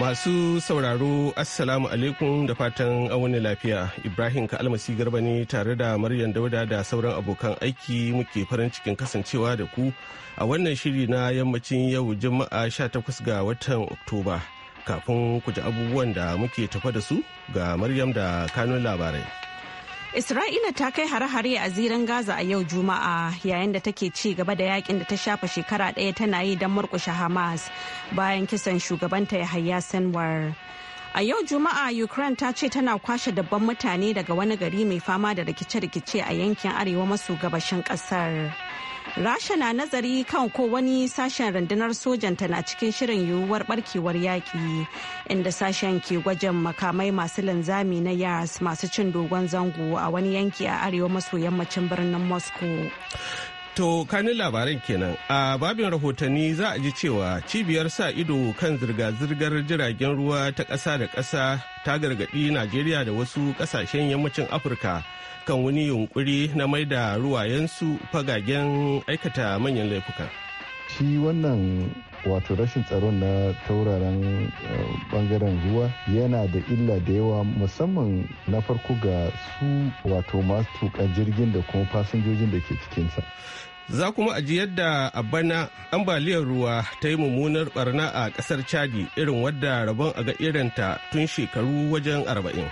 Masu sauraro Assalamu alaikum da fatan wani lafiya. Ibrahim ka Ka'almasi Garba ne tare da Maryam Dauda da sauran abokan aiki muke farin cikin kasancewa da ku a wannan shiri na yammacin yau Juma'a 18 ga watan Oktoba. Kafin ku ji abubuwan da muke tafa da su ga Maryam da kanun labarai. Isra'ila ta kai hare-hare a ziran Gaza a yau Juma'a yayin da take ci gaba da yakin da ta shafa shekara ɗaya tana yi don murkushe Hamas bayan kisan shugabanta Yahaya Sanwar. A yau Juma'a Ukraine ta ce tana kwashe dabban mutane daga wani gari mai fama da rikice-rikice a yankin arewa maso gabashin kasar. Rasha na nazari kan ko wani sashen rundunar sojanta na cikin shirin yiwuwar barkewar yaƙi inda sashen ke gwajin makamai masu linzami na yas masu cin dogon zango a wani yanki a arewa maso yammacin birnin Moscow. To kanin labaran kenan a babin rahotanni za a ji cewa cibiyar sa ido kan zirga-zirgar jiragen ruwa ta ƙasa da ƙasa ta gargaɗi Najeriya da wasu ƙasashen yammacin Afirka kan wani yunƙuri na mai da ruwayensu fagagen aikata manyan laifuka. Shi wannan wato rashin tsaron na tauraron bangaren eh, ruwa yana da illa da yawa musamman na farko ga su wato masu tuka jirgin da kuma fasinjojin da ke cikinsa. za kuma aji yadda a bana ambaliyar ruwa ta yi mummunar barna a kasar chadi irin wadda rabon a ga irinta tun shekaru wajen arba'in.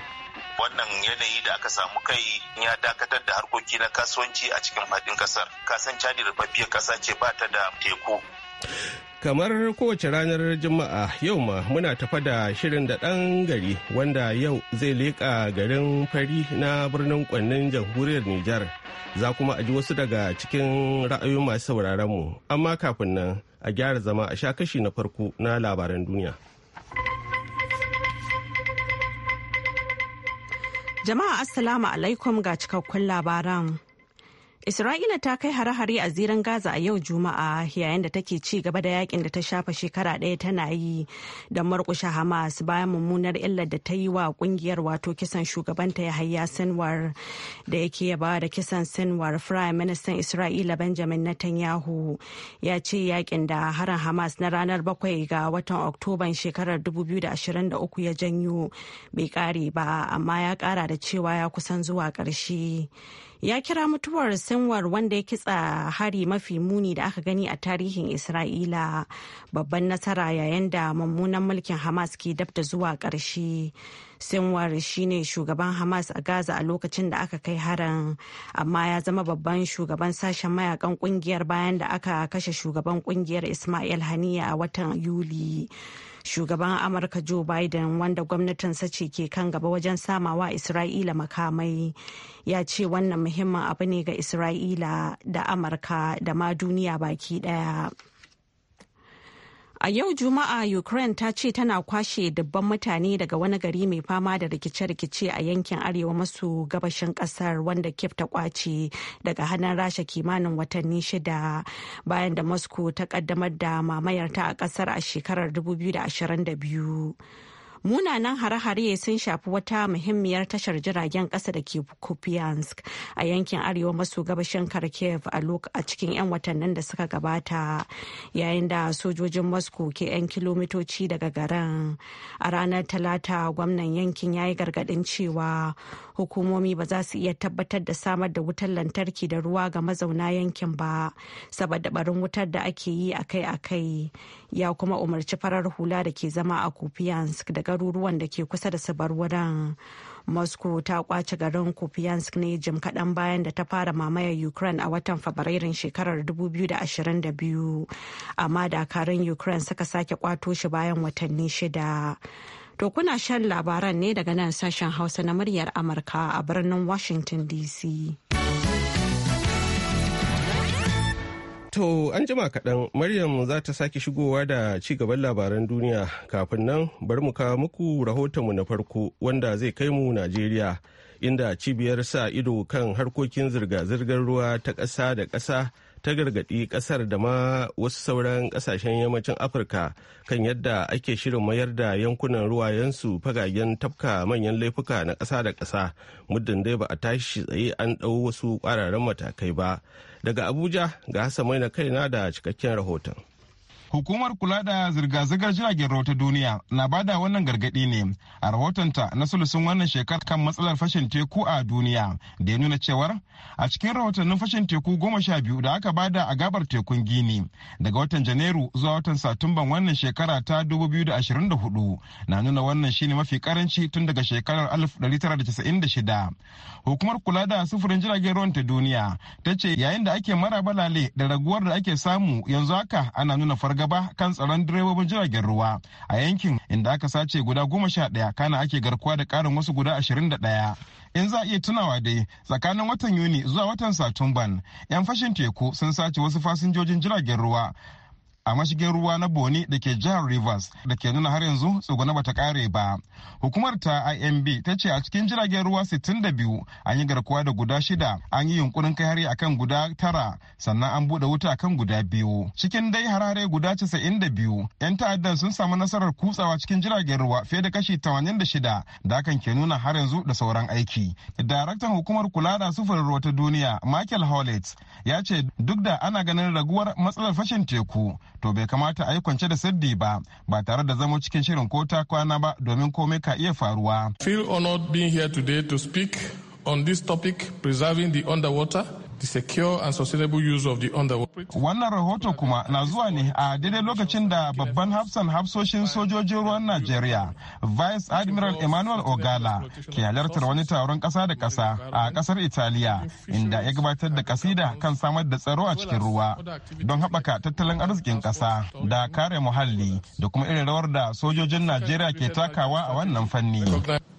wannan yanayi da aka samu kai ya dakatar da harkoki na kasuwanci a cikin faɗin kasar kasan chadi da ƙasa ce ba ta da teku kamar kowace ranar juma'a yau ma muna tafa da shirin da ɗan gari wanda yau zai leƙa garin fari na birnin kwannin jamhuriyar nijar za kuma a ji wasu daga cikin ra'ayoyin masu sauraron mu amma kafin nan a gyara zama a sha kashi na farko na labaran duniya jama'a assalamu alaikum ga cikakkun labaran Isra'ila ta kai hare-hare a ziran Gaza a yau Juma'a yayin da take ci gaba da yakin da ta shafa shekara ɗaya tana yi da markushe Hamas bayan mummunar illar da ta yi wa kungiyar wato kisan shugabanta ya hayya Sinwar da yake ba da kisan Sinwar Prime Minister Isra'ila Benjamin Netanyahu ya ce yakin da harin Hamas na ranar bakwai ga watan Oktoban shekarar 2023 ya janyo bai kare ba amma ya kara da cewa ya kusan zuwa ƙarshe. ya kira mutuwar sanwar wanda ya kitsa hari mafi muni da aka gani a tarihin isra'ila babban nasara yayin da mummunan mulkin hamas ke dab da zuwa ƙarshe sanwar shine shugaban hamas a gaza a lokacin da aka kai harin amma ya zama babban shugaban sashen mayakan kungiyar bayan da aka kashe shugaban kungiyar ismail haniya a watan yuli shugaban amurka joe biden wanda gwamnatinsa ce ke kan gaba wajen samawa isra'ila makamai ya ce wannan muhimmin abu ne ga isra'ila da amurka da ma duniya baki daya. A yau Juma'a Ukraine ta ce tana kwashe dubban mutane daga wani gari mai fama da rikice-rikice a yankin arewa maso gabashin kasar wanda Kiev ta kwace daga hannun Rasha kimanin watanni shida bayan da Moscow ta kaddamar da mamayarta a kasar a shekarar 2022. munanan hare-hare sun shafi wata muhimmiyar tashar jiragen kasa da ke kupiansk a yankin arewa maso gabashin kharkiv a cikin 'yan watannin da suka gabata yayin da sojojin moscow ke 'yan kilomitoci daga garin a ranar talata gwamnan yankin ya yi gargadin cewa hukumomi ba za su iya tabbatar da samar da wutar lantarki da ruwa ga mazauna yankin ba saboda barin wutar da ake yi akai-akai ya kuma umarci farar hula da ke zama a kupiansk da garuruwan da ke kusa da su bar wurin moscow ta kwace garin kupiansk ne jim kaɗan bayan da ta fara mamayar ukraine a watan fabrairun shekarar 2022 amma dakarun ukraine suka sake kwato shi bayan watanni shida To kuna shan labaran ne daga nan sashen Hausa na muryar Amurka a birnin Washington DC. To an jima kaɗan Maryam za ta sake shigowa da ci gaban labaran duniya kafin nan bari mu kawo muku rahotonmu na farko wanda zai kai mu Najeriya inda cibiyar sa ido kan harkokin zirga-zirgar ruwa ta ƙasa da ƙasa ta gargaɗi ƙasar da ma wasu sauran ƙasashen yammacin afirka kan yadda ake shirin mayar da yankunan ruwayensu fagagen tafka manyan laifuka na ƙasa da ƙasa muddin dai ba a tashi tsaye an ɗau wasu ƙwararren matakai ba daga abuja ga hasa mai na kaina da cikakken rahoton Hukumar kula da zirga-zirgar jiragen ruwa ta duniya na bada wannan gargaɗi ne a rahotonta na sulusun wannan shekarar kan matsalar fashin teku a duniya da ya nuna cewar a cikin rahotannin fashin teku goma sha biyu da aka bada a gabar tekun gini daga watan janairu zuwa watan satumban wannan shekara ta hudu na nuna wannan shine mafi karanci tun daga shekarar tara da da shida Hukumar kula da sufurin jiragen ruwan ta duniya ta ce yayin da ake mara balale da raguwar da ake samu yanzu haka ana nuna farga gaba kan tsaron direbobin jiragen ruwa a yankin inda aka sace guda goma sha ɗaya kana ake garkuwa da ƙarin wasu guda ashirin da ɗaya in za a iya tunawa dai tsakanin watan yuni zuwa watan satumban yan fashin teku sun sace wasu fasinjojin jiragen ruwa a mashigin ruwa na boni da ke jihar rivers da ke nuna har yanzu tsuguna bata kare ba hukumar ta imb ta ce a cikin jiragen ruwa 62 an yi garkuwa da guda shida an yi yunkurin kai hari akan guda tara sannan an bude wuta akan guda biyu cikin dai harare guda 92 yan ta'addan sun samu nasarar kutsawa cikin jiragen ruwa fiye da kashi 86 da hakan ke nuna har yanzu da sauran aiki daraktan hukumar kula da sufurin ruwa ta duniya michael hollett ya ce duk da ana ganin raguwar matsalar fashin teku to bai kamata a yi kwance da sirdi ba ba tare da zama cikin shirin ko ta kwana ba domin komai ka iya faruwa. Feel honored being here today to speak on this topic preserving the underwater the secure and sustainable use of Wannan rahoto kuma na zuwa ne a daidai lokacin da babban hafsan hafsoshin sojojin ruwan Najeriya, Vice Admiral Emmanuel Ogala, ke halartar wani taron kasa da kasa a kasar Italiya, inda ya gabatar da kasida kan samar da tsaro a cikin ruwa don haɓaka tattalin arzikin kasa da kare muhalli da kuma irin rawar da sojojin Najeriya ke takawa a wannan fanni.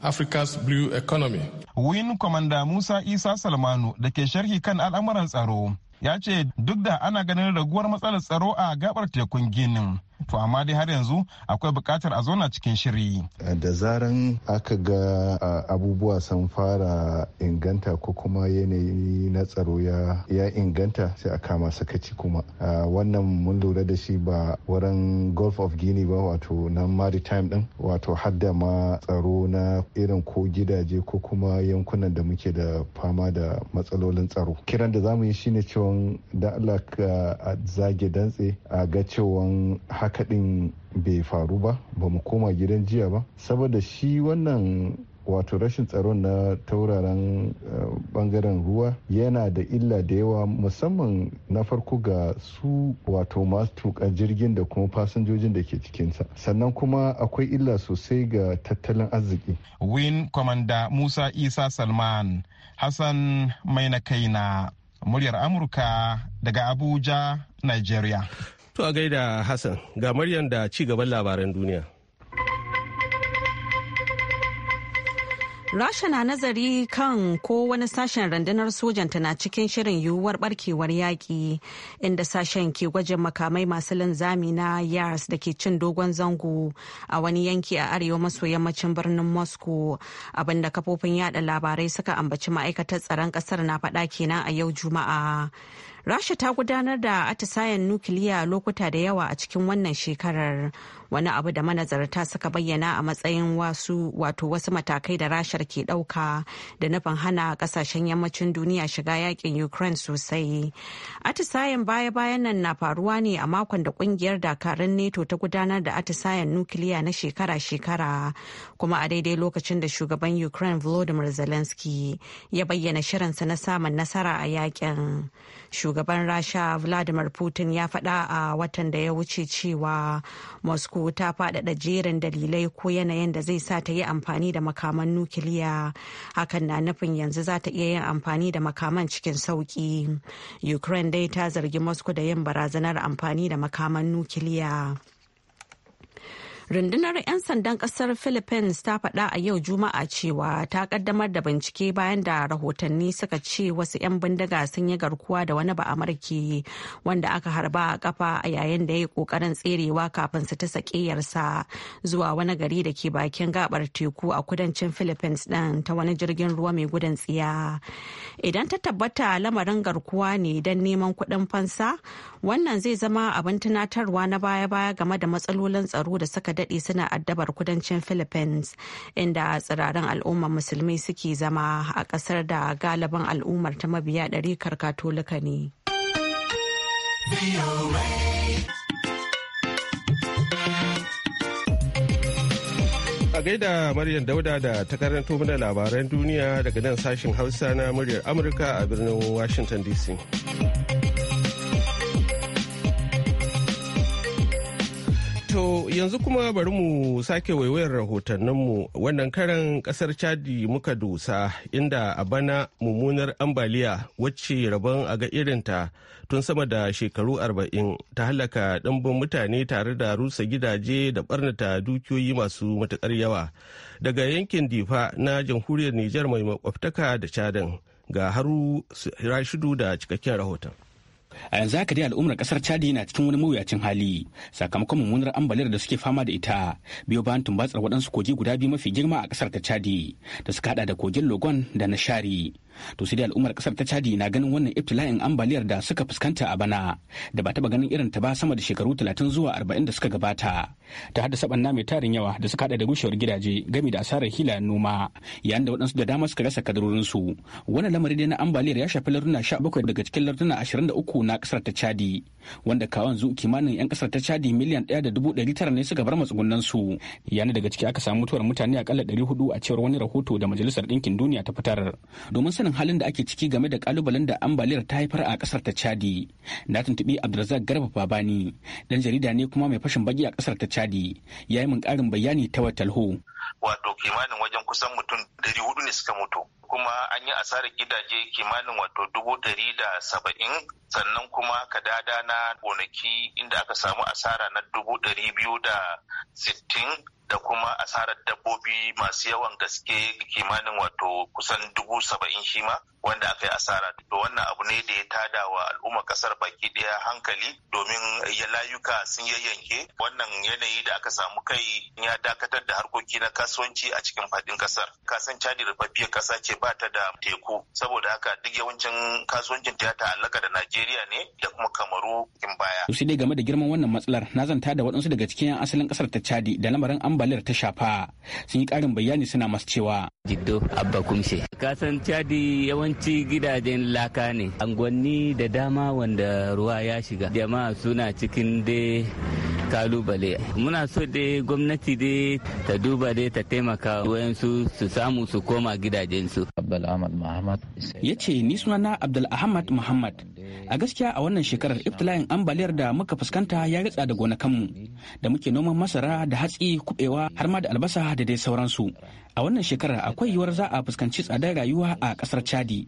Africa's Blue Economy. Win Kwamanda Musa Isa Salmanu da ke sharhi kan al'amuran tsaro ya ce duk da ana ganin raguwar matsalar tsaro a gabar tekun ginin to amma dai har yanzu akwai bukatar a zauna cikin shiri. Da zaran aka ga abubuwa sun fara inganta ko kuma yanayi na tsaro ya inganta sai a kama sakaci kuma. Wannan mun lura da shi ba wurin Gulf of Guinea ba wato na maritime din wato hadda ma tsaro na irin ko gidaje ko kuma yankunan da muke da fama da matsalolin tsaro. Kiran da za mu yi shine cewa da Allah ka zage dantse a ga cewa haka kaɗin bai faru ba ba mu koma gidan jiya ba saboda shi wannan wato rashin tsaron na tauraren bangaren eh, ruwa yana da illa da yawa musamman na farko ga su wato masu tuka jirgin da kuma fasinjojin da ke cikinsa sannan kuma akwai illa sosai ga tattalin arziki win kwamanda musa isa salman hassan mai na kaina muryar amurka daga abuja nigeria To a gaida Hassan ga Maryam da ci gaban labaran duniya. Rasha na nazari kan ko wani sashen rundunar sojanta na cikin shirin yiwuwar barkewar yaƙi inda sashen ke gwajin makamai masu linzami na yars da ke cin dogon zango a wani yanki a arewa maso yammacin birnin Moscow abinda kafofin yada labarai suka ambaci ma'aikatar tsaron ƙasar na faɗa kenan a yau Juma'a. Rasha ta gudanar da atisayen nukiliya lokuta da yawa a cikin wannan shekarar wani abu da manazarta suka bayyana a matsayin wasu wato wasu matakai da rashar ke ɗauka da nufin hana kasashen yammacin duniya shiga yakin Ukraine sosai. Atisayen baya-bayan nan na faruwa ne a makon da kungiyar dakarun neto ta gudanar da atisayen nukiliya na shekara-shekara kuma a daidai lokacin da shugaban Ukraine Volodymyr Zelensky ya bayyana shirinsa na samun nasara a yakin. shugaban rasha vladimir putin ya faɗa a watan da ya wuce cewa moscow ta faɗaɗa jerin dalilai ko yanayin da zai sa ta yi amfani da makaman nukiliya hakan na nufin yanzu za ta iya yin amfani da makaman cikin sauki ukraine dai ta zargi moscow da yin barazanar amfani da makaman nukiliya rundunar 'yan sandan kasar philippines ta faɗa a yau juma'a cewa ta kaddamar da bincike bayan da rahotanni suka ce wasu 'yan bindiga sun yi garkuwa da wani ba'amarke wanda aka harba a kafa a yayin da ya yi kokarin tserewa kafin su ta sakeyarsa zuwa wani gari da ke bakin gabar teku a kudancin philippines din ta wani jirgin ruwa mai gudun tsiya idan ta tabbata lamarin garkuwa ne don neman kuɗin fansa wannan zai zama abin tunatarwa na baya-baya game da matsalolin tsaro da suka daɗe suna addabar kudancin philippines inda tsirarin al'ummar musulmi suke zama a ƙasar da galibin al'ummar ta mabiya ɗarikar katolika ne. a gaida Maryam Dauda da ta karanto mana labaran duniya daga nan sashen Hausa na muryar Amurka a birnin Washington DC. To yanzu kuma bari mu sake waiwayar rahotanninmu wannan karan kasar Chadi muka dusa inda a bana mummunar ambaliya wacce rabon a ga irinta tun sama da shekaru arba'in ta halaka ɗimbin mutane tare da rusa gidaje da barnata dukiyoyi masu matuƙar yawa daga yankin difa na jamhuriyar Nijar mai makwabtaka da Chadin ga haru rashidu da cikakken rahoton. a yanzu haka dai al'ummar kasar chadi na cikin wani mawuyacin hali sakamakon mummunar ambaliyar da suke fama da ita biyo bayan tumbatsar waɗansu kogi guda biyu mafi girma a kasar ta chadi da suka hada da kogin logon da na shari to sai dai al'ummar kasar ta chadi na ganin wannan iftila'in ambaliyar da suka fuskanta a bana da ba taba ganin irin ta ba sama da shekaru talatin zuwa arba'in da suka gabata ta haddasa banna mai tarin yawa da suka hada da gushewar gidaje gami da asarar hila noma yayin da waɗansu da dama suka rasa kadarorin su wannan lamari dai na ambaliyar ya shafi larduna 17 daga cikin larduna 23 na kasar ta chadi wanda kawan zu kimanin yan kasar ta chadi miliyan dubu 1.900 ne suka bar matsugunan su yayin daga ciki aka samu mutuwar mutane akalla 400 a cewar wani rahoto da majalisar ɗinkin duniya ta fitar domin sanin sanin halin da ake ciki game da kalubalen da ambaliyar ta haifar a kasar ta chadi na tuntubi abdulrazak garba babani dan jarida ne kuma mai fashin baki a kasar ta chadi ya yi min karin bayani ta watalho wato kimanin wajen kusan mutum dari hudu ne suka mutu kuma an yi asarar gidaje kimanin wato dubu dari da saba'in sannan kuma kadada na gonaki inda aka samu asara na dubu dari biyu da sittin da kuma asarar dabbobi masu yawan gaske kimanin wato kusan dubu saba'in shima. wanda aka yi asara to wannan abu ne da ya tada wa al'umma kasar baki daya hankali domin ya layuka sun yayyanke wannan yanayi da aka samu kai ya dakatar da harkoki na kasuwanci a cikin fadin kasar kasan cadi rufaffiyar kasa ce ba ta da teku saboda haka duk yawancin kasuwancin ta ta'allaka da najeriya ne da kuma kamaru in baya to sai dai game da girman wannan matsalar na zanta da waɗansu daga cikin asalin kasar ta cadi da lamarin ambaliyar ta shafa sun yi ƙarin bayani suna masu cewa jiddo abba kumshe kasan chadi yawanci gidajen laka ne angwanni da dama wanda ruwa ya shiga jama'a suna cikin dai kalubale muna so dai gwamnati dai ta duba dai ta taimaka wayansu su samu su koma gidajensu ya ce ni sunana abdul ahmad muhammad a gaskiya a wannan shekarar iftila'in ambaliyar da muka fuskanta ya ritsa da gonakanmu da muke noman masara da hatsi kubewa har ma da albasa da dai sauransu a wannan shekarar akwai yiwuwar za a fuskanci tsadar rayuwa a kasar chadi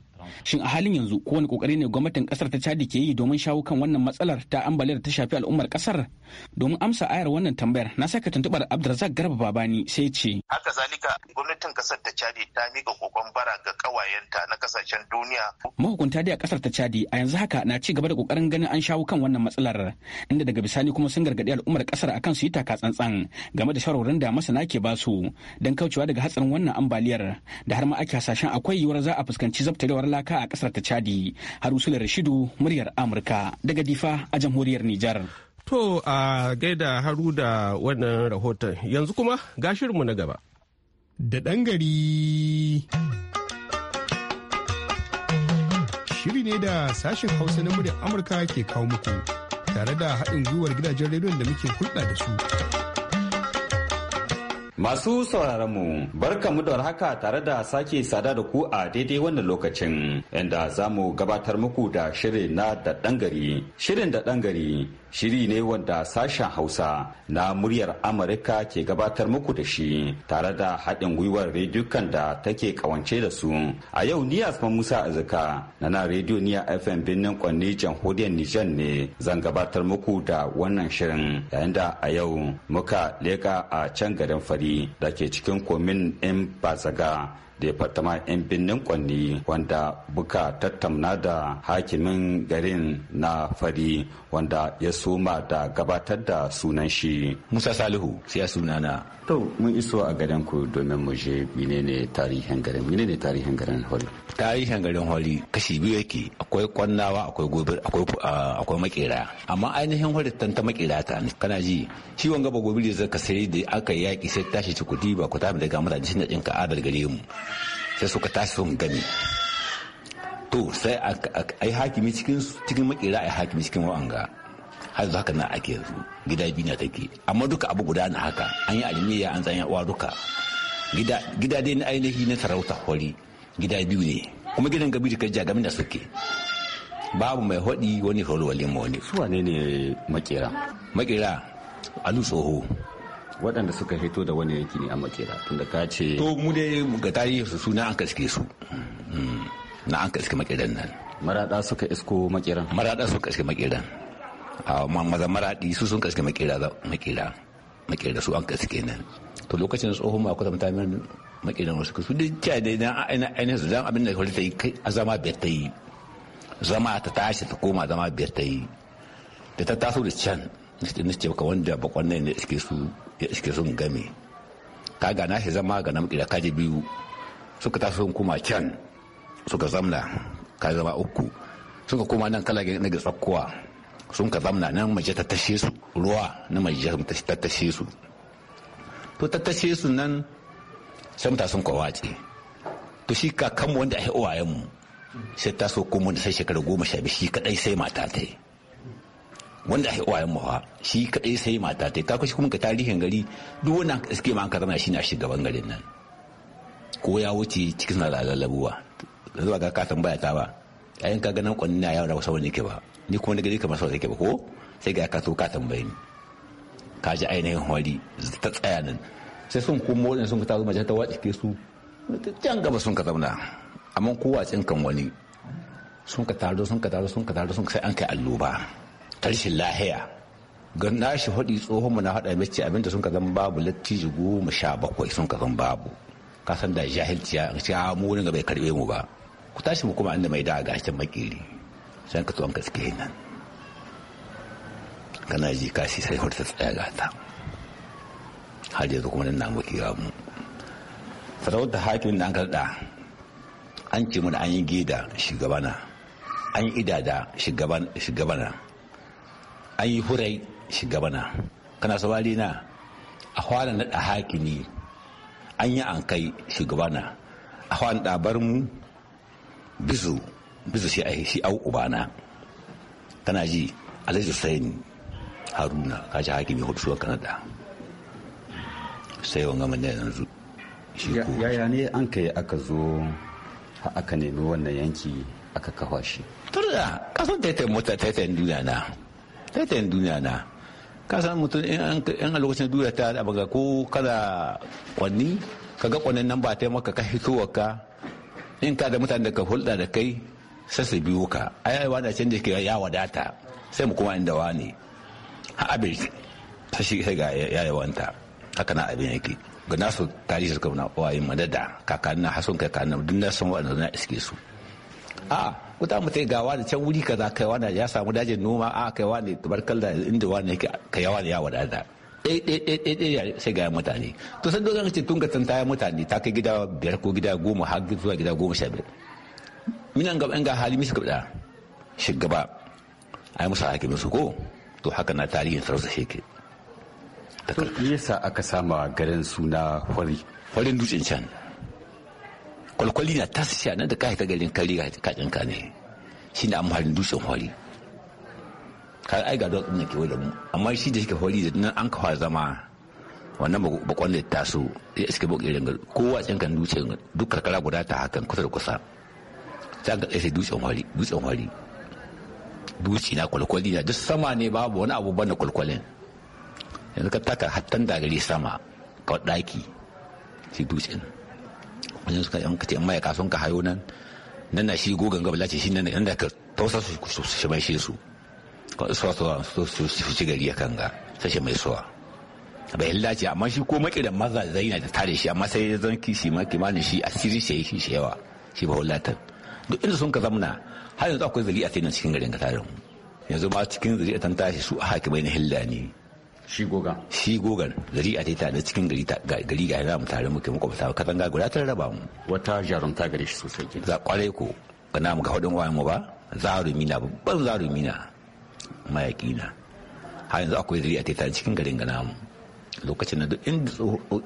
Shin a halin yanzu kowane kokari ne gwamnatin kasar ta Chadi ke yi domin shawo kan wannan matsalar ta ambaliyar ta shafi al'ummar kasar? Domin amsa ayar wannan tambayar na saka tuntubar Abdulrazak Garba Babani sai ce. Haka zalika gwamnatin kasar ta Chadi ta mika kokon bara ga kawayenta na kasashen duniya. Mahukunta dai a kasar ta Chadi a yanzu haka na ci gaba da kokarin ganin an shawo kan wannan matsalar inda daga bisani kuma sun gargaɗi al'ummar kasar akan su yi taka tsantsan game da shawarwarin da masana ke basu don kaucewa daga hatsarin wannan ambaliyar da har ma ake hasashen akwai yiwuwar za a fuskanci zabtarewar laka a kasar ta Chadi. da Rashidu muryar Amurka daga Difa a jamhuriyar Nijar. To a gaida haru da wannan rahoton yanzu kuma gashirinmu na gaba. Da ɗan gari. Shiri ne da sashen Hausa na muryar Amurka ke kawo muku tare da haɗin gwiwar gidajen rediyon da muke hulɗa da su. Masu sauraron mu barkamu da haka tare da sake sada da ku a daidai wannan lokacin inda za mu gabatar muku da shirin na da Shirin da gari shiri ne wanda sashen hausa na muryar amurka ke gabatar muku da shi tare da haɗin gwiwar rediyokan da take kawance da su a yau ni asma musa azuka na na rediyo niya fm birnin kwanne jamhuriyar nijar ne zan gabatar muku da wannan shirin yayin da a yau muka leka a can garin fari da ke cikin komin in bazaga Departement 'yan birnin kwanni wanda buka tattauna da hakimin garin na fari wanda ya soma da gabatar da sunan shi musa salihu siya sunana to mun iso a garin ku domin mu je menene tarihin garin menene tarihin garin hori tarihin garin hori kashi biyu yake akwai kwannawa akwai gobir akwai ah, akwai makera amma ainihin hori ta makera ta kana ji shi wanga ba gobir zaka sai da aka yaki sai tashi ci kudi ba ku da ga mutane shi da ka adar gare mu sai suka tashi sun gani to sai a yi hakimi cikin makera a yi hakimi cikin wa'anga har zuwa haka na ake yanzu gida biyu na take amma duka abu guda na haka an yi alimiyya an tsanya uwa duka gida dai na ainihi na sarauta hori gida biyu ne kuma gidan gabi da kai jagamin da suke babu mai hodi wani horo wali wani su ne ne makera makera alu tsoho waɗanda suka hito da wani yanki ne a makera tunda ka ce to mu dai ga tarihi su suna an kaske su na an kaske hmm, makeran nan marada suka isko makeran marada suka kaske makeran a maza maradi su sun kaske makera makera makera su an kaske nan to lokacin tsohon ma kusa mutanen makeran wasu su duk cewa dai na aina su dan abin da kwalita ta yi kai a bai ta yi zama ta tashi ta koma zama bai ta yi da ta taso da can na ce ka wanda bakon nan ne iske su ya iske sun game ka ga na shi zama ga namki da kaji biyu suka taso sun kuma can suka zamna ka zama uku suka kuma nan kala ga nage tsakkuwa sun ka zamna nan mace ta tashe su ruwa na mace ta tashe su to ta tashe su nan sai muta sun kwawace to shi kakanmu wanda a uwayenmu sai ta so ko mun sai shekara goma sha biyu shi kadai sai mata ta yi wanda a uwayen mawa shi kadai sai mata ta ta ka kuma ka tarihin gari duk wannan suke ma karana shi na shugaban garin nan ko ya wuce cikin na lalabuwa zuwa ga ka tambaya ta ba ayin ka ganin kwanin na yawon da wasu wani ke ba ni kuma da gari kamar sau ke ba ko sai ga ka so ka tambaye ni ka ji ainihin hori ta tsaya nan sai sun kuma wani sun ka tazo mace ta wace ke su can gaba sun ka zauna amma kowa tsinkan wani sun ka taro sun ka taro sun ka taro sun ka sai an kai alloba tarshen lahiya gan shi faɗi tsohon na hada mace abinda sun ka zan babu latti goma sha bakwai sun ka zan babu ka san da jahilci ya ce ah, mu wani bai karɓe mu ba ku tashi mu kuma inda mai da ga cikin makiri sai ka tsohon ka suke nan kana ji kashi sai hurta tsaya gata har yanzu kuma nan na muke ga mu sarauta hakimin da an karda an ce da an yi gida shugabana an yi idada shugabana an yi hurai gabana kana saurari na a hwana naɗa ne an yi an kai gabana a hwana ɗabar mu bizu bizu shi a shi au ubana kana ji alhaji sayin haruna ka ji mai hudu suwa kanada sai wanga manne yanzu yaya ne an kai aka zo aka nemi wannan yanki aka kafa shi tunda kasar ta yi mota ta yi duniya na ta ta yin duniya na ka san mutum yan a lokacin duniya ta da ga ko kana kwanni ka ga kwanin nan ba ta maka ka hitowa ka in ka da mutane da ka hulɗa da kai sai su biyo ka a yi wa da ke ya wadata sai mu kuma inda wani ha abin ta shi ga wanta haka na abin yake ga nasu tarihi suka na wayin madada kakannin hasun kakannin duk na san waɗanda na iske su a ah, ko mu mutai ga wani can wuri kaza kai wani ya samu dajin noma a kai wani tabarkal da inda wani yake kai wani ya wadata ɗaya eh, eh, eh, sai ga mutane to san dogon ce tun tun ta mutane ta kai gida biyar ko gida goma har zuwa gida goma sha biyar minan gaba in ga hali mishi gaba shugaba ai musu hakimin musu ko to haka na tarihin sarauta sheke yasa aka sama garin suna fari farin dutsen can kwalkwali na ta sha nan da kai ta garin kari kaɗin ka ne shi ne amfanin dutsen hori kayan ai ga dutsen na ke da mu amma shi da shike hori da nan an kafa zama wannan bakon da ta so ya iske bakirin ga kowa kan dutsen duk karkara guda ta hakan kusa da kusa ta ga tsaye dutsen hori dutsen hori dutse na kwalkwali na duk sama ne babu wani abu ban da kwalkwalin yanzu ka taka hattan dagare sama ka daki sai dutsen wajen suka yanka ce amma ya kafin ka hayo nan nan na shi gogan gaba lati shi nan nan da ka tausa su su shi mai shi su suwa suwa su su su shi gari kan ga sai mai suwa bai lace amma shi ko da maza zai na tare shi amma sai zan kishi ma kimanin shi asiri shi shi shi yawa shi ba wallatar duk inda sun ka zamna har yanzu akwai zuri'a sai nan cikin garin ka tare mu yanzu ba cikin zuri'a tan tashi su a hakimai na hilla ne shi gogan shi gogan gari a taita na cikin gari gari ga yana mu tare muke makwabta katanga guda ta raba mu wata jarumta gare shi sosai za kwarai ko kana mu ga hudun wayan mu ba zarumi na babban zarumi na mayaki na har yanzu akwai gari a taita cikin garin ga namu lokacin da duk inda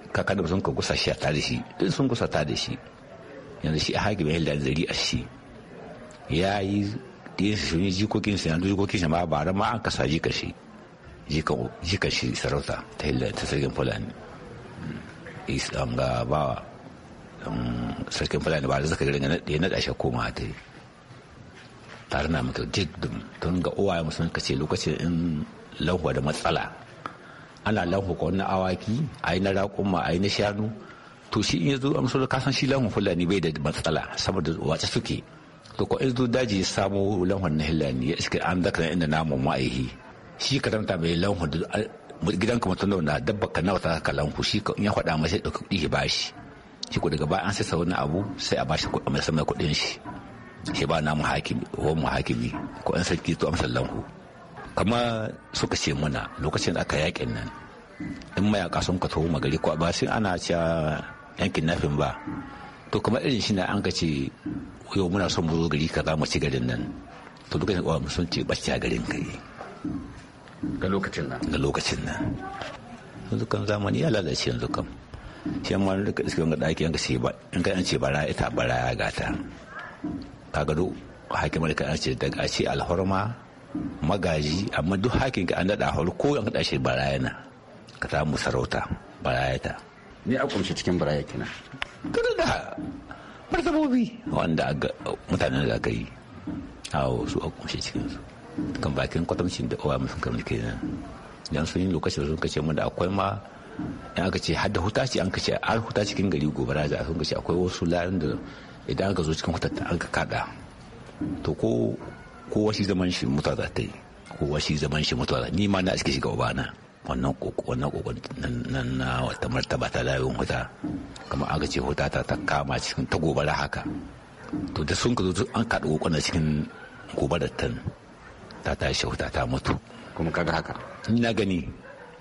kaka da sun ka gusa shi a tare shi duk sun gusa ta da shi yanzu shi a haƙi mai hilda zari a shi ya yi ɗin shi jikokin shi yanzu jikokin shi ma ba ma an kasa jika shi Yi ka jikan shi sarauta ta ta sarkin fulani isan ga ba sarkin fulani ba da zaka garin ya naɗa shi koma ta yi tare na mutu jiddin tun ga uwaye musulun ka ce lokacin in lanhuwa da matsala ana lanhu ka wannan awaki a yi na raƙuma a yi na shanu to shi in ya zo amsar da kasan shi lanhu fulani bai da matsala saboda wace suke to ko in zo daji ya samo lanhu na hillani ya iska an zaka inda namun ma'aihi shi ka karanta mai lanhu gidan ka mutum na dabba ka nawa ta lanhu shi ka ya faɗa mai sai ɗauki kuɗi ya bashi shi ko daga bayan an sai sauran abu sai a bashi kuɗi mai sama kuɗin shi shi ba namu hakimi ko mu hakimi ko an sarki to amsar lanhu kama suka ce muna lokacin da aka yaƙin nan in mayaka sun ka ma magari ko ba sai ana cewa yankin nafin ba to kamar irin shi na an ka ce yau muna son mu zo gari za mu ci garin nan to duka ne sun ce bacci a garin kai ga lokacin nan ga lokacin nan yanzu kan zamani ya lalace yanzu kan shi ma duka iske ga daki yanka ce ba in ka an ce bara ita bara ya gata kaga duk hakimar ka an ce daga ce alhurma magaji amma duk hakin ka an dada hor ko an da shi bara yana ka samu sarauta bara ta ni a kumshi cikin bara na kada da sabobi wanda mutanen da aka yi awo su a kumshi cikin su kan bakin kwatamcin da owa musun kamar kenan dan sun yi lokacin sun kace mun da akwai ma in aka ce har da huta ce an kace har huta cikin gari gobara za sun kace akwai wasu larin da idan aka zo cikin hutar an ka kada to ko kowa zaman shi mutuwa za ta yi ko washi zaman shi mutuwa za ni ma na aske shiga obana wannan wannan kokon na wata martaba ta layin huta kamar aka ce huta ta ta kama cikin ta gobara haka to da sun ka zo an kaɗa kokon cikin gobarar ta ta tashi huta ta mutu kuma kaga haka ina gani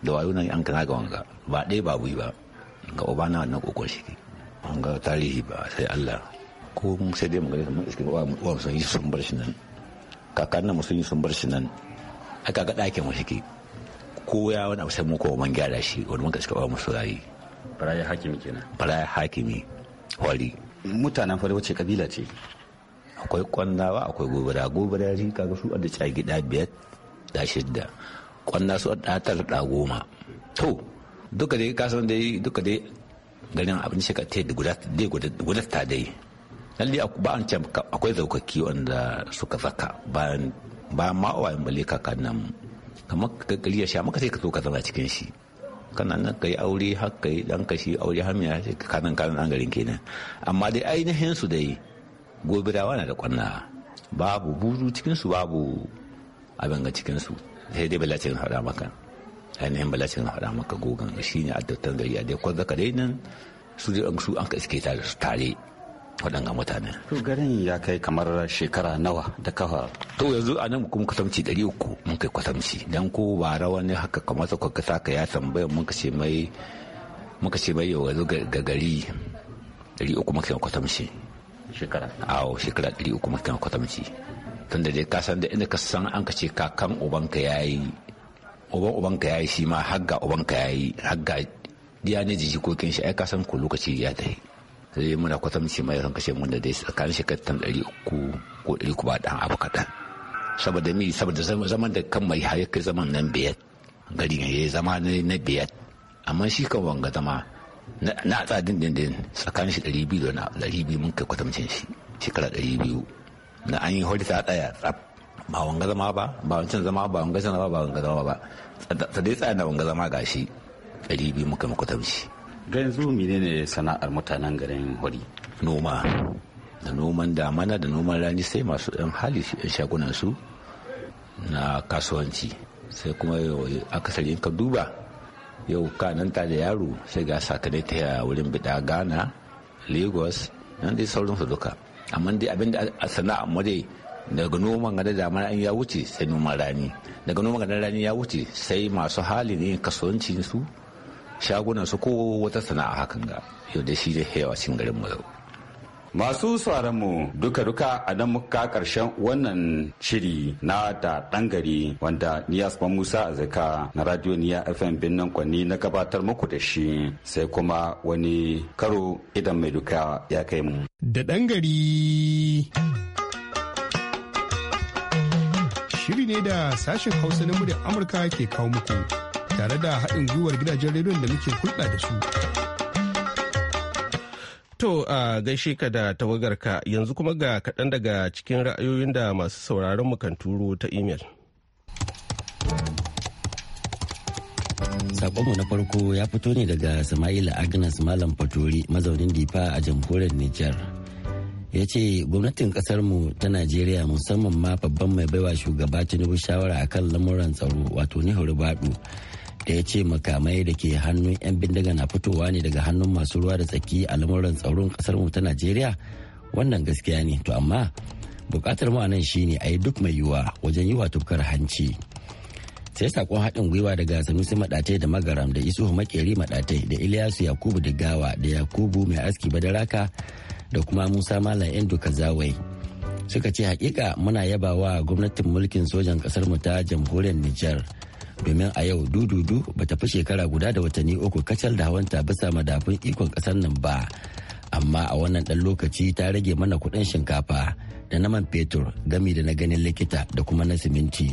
da wayo nan an kana ga wanga ba ɗaya ba bui ba ga na wannan kokon shi an ga tarihi ba sai Allah ko mun sai dai mu gani kamar iske wa mu sun yi sun bar shi nan kakan mu sun yi sun bar shi nan aka ga ɗakin wasu ke ko ya wani abu sai mu ko man gyara shi wani mun ka suka ba mu surayi baraya hakimi kenan baraya hakimi wali mutanen fari wace kabila ce akwai kwannawa akwai gobara gobara shi kaga su da cagi da biyar da shidda kwanna su da tar da goma to duka dai kasan dai duka dai garin abin shi ka te guda dai guda ta dai lalle ba an can akwai zaukaki wanda suka zaka bayan bayan ma wayan bale kakan nan kamar ka kariya sha maka sai ka zo ka zama cikin shi kana nan ka yi aure har ka yi dan ka aure har mai kanan kanan an garin kenan amma dai ainihin su dai gobirawa na da kwanna babu buzu cikinsu babu abin ga cikinsu sai dai balacin hada maka ainihin balacin hada maka gogon shi ne addattar gari a dai kwan zaka dai nan su su an ka iske tare su tare waɗanga mutane. to garin ya kai kamar shekara nawa da kafa. to yanzu a nan kuma kwatamci ɗari uku mun kai kwatamci dan ko ba rawa ne haka kamar sa ka saka ya tambaya mun ce mai muka ce mai yau yanzu ga gari ɗari uku muka kai kwatamci shekara a shekara 300 muka kan kwatamci tunda dai ka san da inda ka san an ka ce kakan ubanka yayi uban ubanka yayi shi ma hagga ubanka yayi hagga diya ne ji jikokin shi ai ka san ko lokaci ya tafi sai muna kwatamci mai san kace mun da dai tsakanin shekarar 300 ko 300 ba dan abu kadan saboda mi saboda zaman da kan mai har zaman nan biyar gari ne zama na biyar amma shi kan wanga zama na tsa dindindin tsakanin shi ɗari biyu na ɗari biyu mun kai kwatamcin shi shekara ɗari biyu na an yi horita tsaya tsab. ba wanga zama ba ba wancan zama ba wanga zama ba ba wanga zama ba ta dai tsaya na wanga zama gashi ɗari biyu kai kwatamci ga yanzu menene sana'ar mutanen garin hori noma da noman damana da noman rani sai masu yan hali yan shagunan su na kasuwanci sai kuma akasari in ka duba yau kananta da yaro sai ga sakanai ta wurin bida ghana lagos nan dai su duka amma dai abin da a sana'a mu dai daga noman gada damar an ya wuce sai noman rani daga noman gada rani ya wuce sai masu hali ne kasuwancin su shagunan su ko wata sana'a hakan ga yau da shi da hewa cin garin mu yau masu mu duka-duka a nan muka karshen wannan shiri na da ɗan gari wanda niyas ban musa a zaka na radio niya fm binnan kwanni na gabatar muku da shi sai kuma wani karo idan mai duka ya kai mu da ɗan gari shiri ne da sashen hausa na muryar amurka ke kawo muku tare da haɗin gwiwar gidajen rediyon da muke hulɗa da su To a gaishe ka da tawagar ka yanzu kuma ga kaɗan daga cikin ra'ayoyin da masu sauraron mu kan turo ta imel. Sakonmu na farko ya fito ne daga Sama'ila Agnes Malam Fatori mazaunin Difa a jamhuriyar Nijar. Ya ce gwamnatin ƙasarmu ta Najeriya musamman ma babban mai baiwa shugaba Tinubu shawara akan lamuran tsaro wato ni Rubadu. da ya ce makamai da ke hannun 'yan bindiga na fitowa ne daga hannun masu ruwa da tsaki a lamuran tsaron kasar mu ta najeriya wannan gaskiya ne to amma bukatar mu nan shine a yi duk mai yiwuwa wajen yi wa tufkar hanci sai sakon haɗin gwiwa daga sanusi maɗatai da magaram da isuhu makeri maɗatai da iliyasu yakubu digawa da yakubu mai aski badaraka da kuma musa malam indu kazawai suka ce hakika muna yaba wa gwamnatin mulkin sojan kasar mu ta jamhuriyar nijar domin a yau dududu ba ta fi shekara guda da watanni uku kacal da hawanta bisa madafun ikon kasar nan ba amma a wannan ɗan lokaci ta rage mana kuɗin shinkafa da na man fetur gami da na ganin likita da kuma na siminti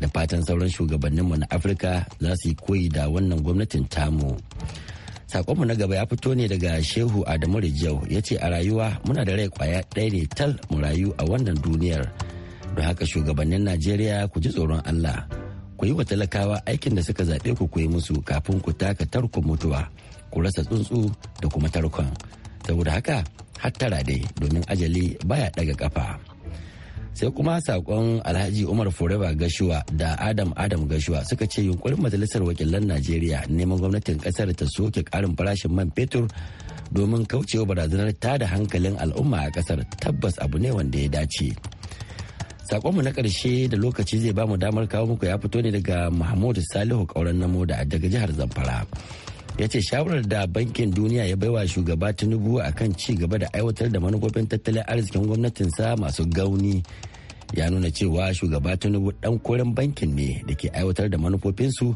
da fatan sauran shugabanninmu na afirka za su yi koyi da wannan gwamnatin tamu sakonmu na gaba ya fito ne daga shehu adamu rijau ya ce a rayuwa muna da rai kwaya ɗaya ne tal mu rayu a wannan duniyar don haka shugabannin najeriya ku ji tsoron allah ku yi wa talakawa aikin da suka zaɓe ku ku yi musu kafin ku taka tarkon mutuwa ku rasa tsuntsu da kuma tarkon saboda haka hattara dai domin ajali baya daga kafa sai kuma sakon alhaji umar fureba gashuwa da adam adam gashuwa suka ce yunkurin majalisar wakilan najeriya neman gwamnatin kasar ta soke karin farashin man fetur domin kaucewa barazanar tada hankalin al'umma a kasar tabbas abu ne wanda ya dace Sakonmu na karshe da lokaci zai bamu damar kawo muku ya fito ne daga mahmudu Salihu Kauran na da daga jihar Zamfara. Ya ce shawarar da bankin duniya ya baiwa shugaba Tinubu akan ci gaba da aiwatar da manufofin tattalin arzikin gwamnatinsa masu gauni ya nuna cewa shugaba Tinubu dan koren bankin ne da ke aiwatar da manufofinsu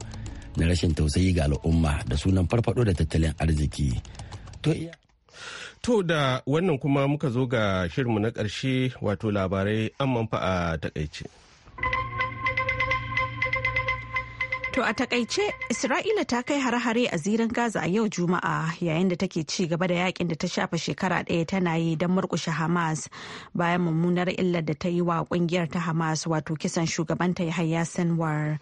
na rashin tausayi ga al'umma da sunan farfado da tattalin arziki. To da wannan kuma muka zo ga shirinmu na ƙarshe wato labarai an manfa a takaice. To a takaice Isra'ila ta kai hare-hare a zirin Gaza a yau Juma'a yayin da take ci gaba da yakin da ta shafa shekara ɗaya tana yi don murkushe Hamas bayan mummunar illar da ta yi wa kungiyar ta Hamas wato kisan shugabanta Yahya Sinwar.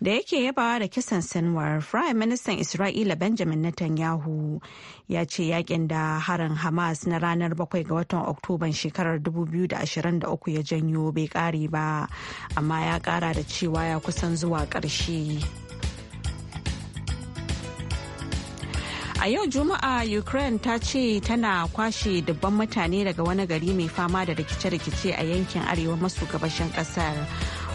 da yake yabawa da kisan sanwar prime minister isra'ila benjamin netanyahu ya ce yakin da harin hamas na ranar 7 ga watan oktoban shekarar 2023 ya janyo bai kare ba amma ya kara da cewa ya kusan zuwa karshe. A yau Juma'a Ukraine ta ce tana kwashe dubban mutane daga wani gari mai fama da rikice-rikice a yankin arewa maso gabashin kasar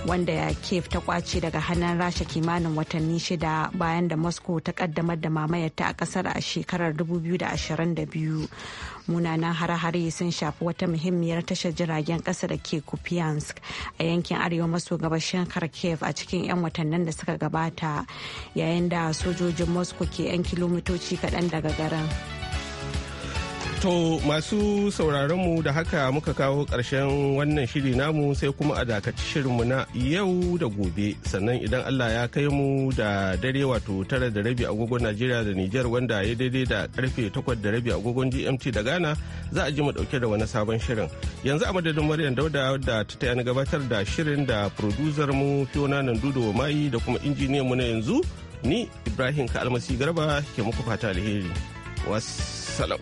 wanda kiev ta kwace daga hannun rasha kimanin watanni shida bayan da moscow ta kaddamar da mamayarta a kasar a shekarar 2022 munanan hare-hare sun shafi wata muhimmiyar tashar jiragen kasa da ke kupiansk a yankin arewa maso gabashin kharkiv a cikin 'yan watannin da suka gabata yayin da sojojin moscow ke 'yan kilomitoci kaɗan daga garin. To masu sauraronmu da haka muka kawo ƙarshen wannan shiri namu sai kuma a dakaci shirinmu na yau da gobe sannan idan Allah ya kai mu da dare wato tara da rabi agogon Najeriya da Nijar wanda ya daidai da karfe takwas da rabi agogon GMT da Ghana za a ji mu dauke da wani sabon shirin. Yanzu a madadin Maryam Dauda da ta taya gabatar da shirin da producer mu Fiona Nandudo Mai da kuma injiniyan mu na yanzu ni Ibrahim Kalmasi Garba ke muku fata alheri. Wassalam.